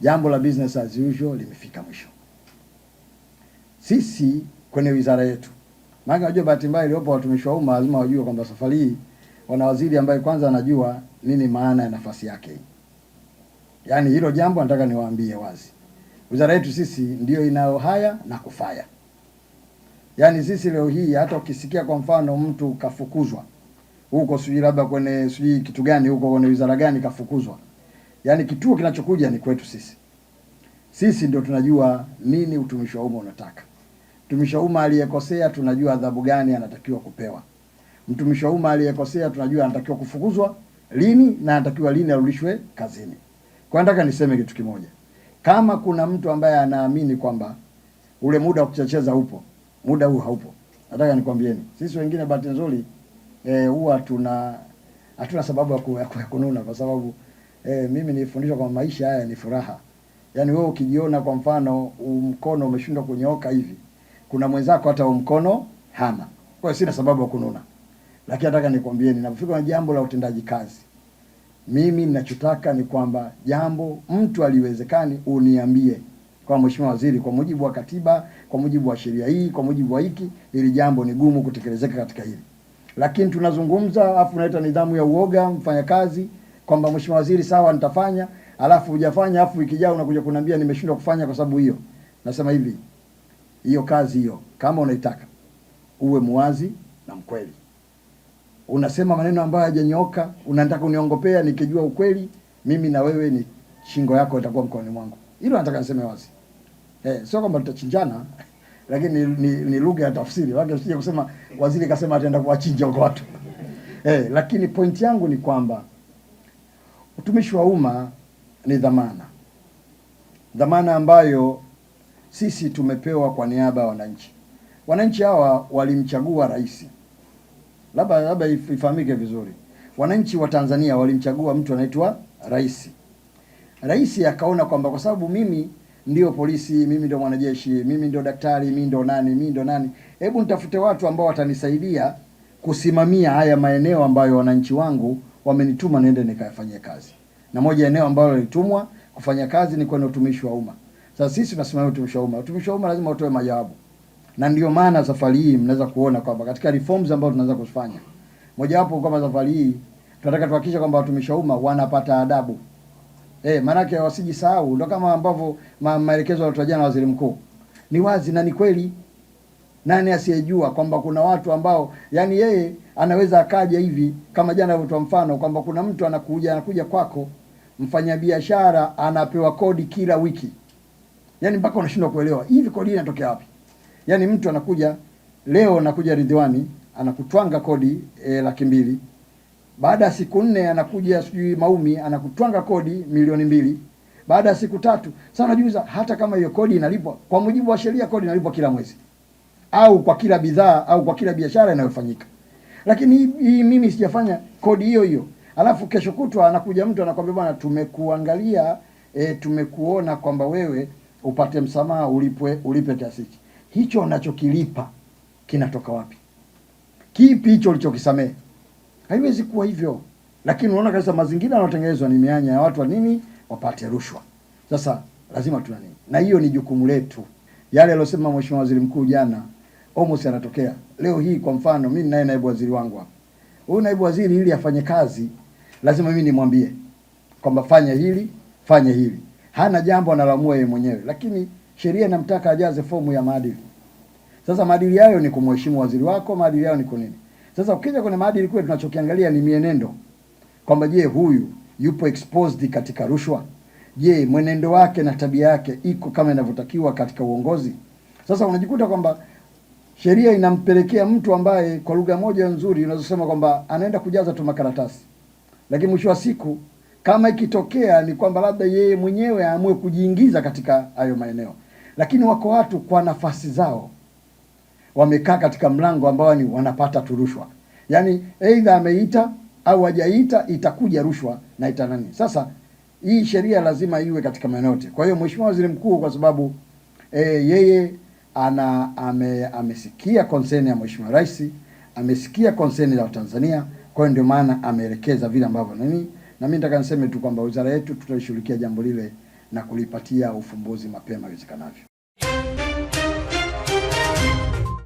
jambo la business as usual limefika mwisho. Sisi kwenye wizara yetu, maana unajua, bahati mbaya iliyopo, watumishi wa umma lazima wajue kwamba safari hii wana waziri ambaye kwanza anajua nini maana ya nafasi yake Yaani hilo jambo nataka niwaambie wazi, wizara yetu sisi ndiyo inayo haya na kufaya. Yaani sisi leo hii hata ukisikia kwa mfano mtu kafukuzwa huko sijui labda kwenye sijui kitu gani huko kwenye wizara gani kafukuzwa Yaani kituo kinachokuja ni kwetu sisi. Sisi ndio tunajua nini utumishi wa umma unataka. Mtumishi wa umma aliyekosea tunajua adhabu gani anatakiwa kupewa. Mtumishi wa umma aliyekosea tunajua anatakiwa kufukuzwa lini na anatakiwa lini arudishwe kazini. Kwa nataka niseme kitu kimoja. Kama kuna mtu ambaye anaamini kwamba ule muda wa kuchecheza upo, muda huu haupo. Nataka nikwambieni, sisi wengine bahati nzuri eh, huwa tuna hatuna sababu ya kununa kwa sababu eh, mimi nifundishwa kwa maisha haya ni furaha. Yaani wewe ukijiona kwa mfano mkono umeshindwa kunyooka hivi, kuna mwenzako hata mkono hana. Kwa hiyo sina sababu ya kununa, lakini nataka nikwambie, ninapofika na jambo la utendaji kazi, mimi ninachotaka ni kwamba jambo mtu aliwezekani, uniambie kwa Mheshimiwa Waziri, kwa mujibu wa katiba, kwa mujibu wa sheria hii, kwa mujibu wa hiki, ili jambo ni gumu kutekelezeka katika hili. Lakini tunazungumza afu unaleta nidhamu ya uoga mfanyakazi kwamba mheshimiwa waziri, sawa nitafanya, alafu hujafanya, alafu wiki ijayo unakuja kuniambia nimeshindwa kufanya kwa sababu hiyo. Nasema hivi, hiyo kazi hiyo kama unaitaka uwe muwazi na mkweli. Unasema maneno ambayo hayajanyooka, unataka uniongopea, nikijua ukweli mimi na wewe ni shingo yako itakuwa mkononi mwangu. Hilo nataka niseme wazi. Eh, sio kwamba tutachinjana lakini ni, ni, ni lugha ya tafsiri. Wake usije kusema waziri kasema ataenda kuwachinja huko watu. Eh, lakini pointi yangu ni kwamba Utumishi wa umma ni dhamana, dhamana ambayo sisi tumepewa kwa niaba ya wananchi. Wananchi hawa walimchagua rais, labda labda ifahamike vizuri, wananchi wa Tanzania walimchagua mtu anaitwa rais. Rais akaona kwamba kwa sababu mimi ndio polisi, mimi ndio mwanajeshi, mimi ndio daktari, mimi ndio nani, mimi ndio nani, hebu nitafute watu ambao watanisaidia kusimamia haya maeneo ambayo wananchi wangu wamenituma niende nikafanye kazi, na moja eneo ambalo nilitumwa kufanya kazi ni kwenye utumishi wa umma. Sasa sisi tunasimamia utumishi wa umma. Utumishi wa umma lazima utoe majawabu, na ndio maana safari hii mnaweza kuona kwamba katika reforms ambazo tunaanza kufanya, mojawapo kwamba safari hii tunataka tuhakikisha kwamba watumishi wa umma wanapata adabu eh, maanake wasijisahau, ndio kama ambavyo maelekezo yaliyotolewa na waziri mkuu ni wazi na ni kweli. Nani asiyejua kwamba kuna watu ambao yani yeye anaweza akaja hivi, kama jana alivyotoa mfano kwamba kuna mtu anakuja anakuja kwako, mfanyabiashara anapewa kodi kila wiki, yani mpaka unashindwa kuelewa hivi kodi inatokea wapi? Yani mtu anakuja leo, anakuja Ridhiwani anakutwanga kodi e, laki mbili baada ya siku nne anakuja sijui Maumi anakutwanga kodi milioni mbili baada ya siku tatu. Sasa unajiuliza hata kama hiyo kodi inalipwa kwa mujibu wa sheria, kodi inalipwa kila mwezi au kwa kila bidhaa au kwa kila biashara inayofanyika. Lakini hii mimi sijafanya kodi hiyo hiyo, alafu kesho kutwa anakuja mtu anakwambia, bwana, tumekuangalia e, tumekuona kwamba wewe upate msamaha, ulipwe ulipe kiasi Hicho unachokilipa kinatoka wapi? Kipi hicho ulichokisamehe? Haiwezi kuwa hivyo. Lakini unaona kabisa mazingira yanayotengenezwa ni mianya ya watu wa nini, wapate rushwa. Sasa lazima tuna nini, na hiyo ni jukumu letu yale aliyosema mheshimiwa waziri mkuu jana almost yanatokea leo hii. Kwa mfano mimi naye naibu waziri wangu hapa, huyu naibu waziri ili afanye kazi lazima mimi nimwambie kwamba fanya hili fanya hili. Hana jambo analamua yeye mwenyewe, lakini sheria inamtaka ajaze fomu ya maadili. Sasa maadili hayo ni kumheshimu waziri wako, maadili hayo ni kunini? Sasa ukija kwenye maadili kule, tunachokiangalia ni mienendo kwamba je, huyu yupo exposed katika rushwa? je, mwenendo wake na tabia yake iko kama inavyotakiwa katika uongozi? Sasa unajikuta kwamba sheria inampelekea mtu ambaye kwa lugha moja nzuri unazosema kwamba anaenda kujaza tu makaratasi, lakini mwisho wa siku kama ikitokea ni kwamba labda yeye mwenyewe aamue kujiingiza katika hayo maeneo. Lakini wako watu kwa nafasi zao wamekaa katika mlango ambao ni wanapata tu rushwa, yaani aidha ameita au hajaita, itakuja rushwa na itanani sasa hii sheria lazima iwe katika maeneo yote. Kwa hiyo Mheshimiwa Waziri Mkuu kwa sababu e, yeye ana ame, amesikia konseni ya Mheshimiwa Rais, amesikia konseni za Watanzania, kwa hiyo ndio maana ameelekeza vile ambavyo nini, na mimi nataka niseme tu kwamba wizara yetu tutalishughulikia jambo lile na kulipatia ufumbuzi mapema iwezekanavyo.